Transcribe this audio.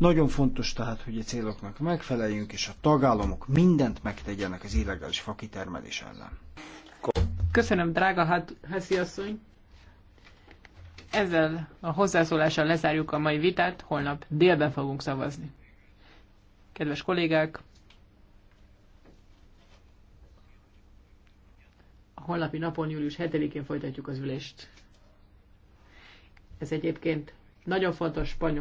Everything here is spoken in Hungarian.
Nagyon fontos tehát, hogy a céloknak megfeleljünk, és a tagállamok mindent megtegyenek az illegális fakitermelés ellen. Köszönöm, drága hát- Heszi asszony! Ezzel a hozzászólással lezárjuk a mai vitát, holnap délben fogunk szavazni. Kedves kollégák! A holnapi napon, július 7-én folytatjuk az ülést. Ez egyébként nagyon fontos spanyol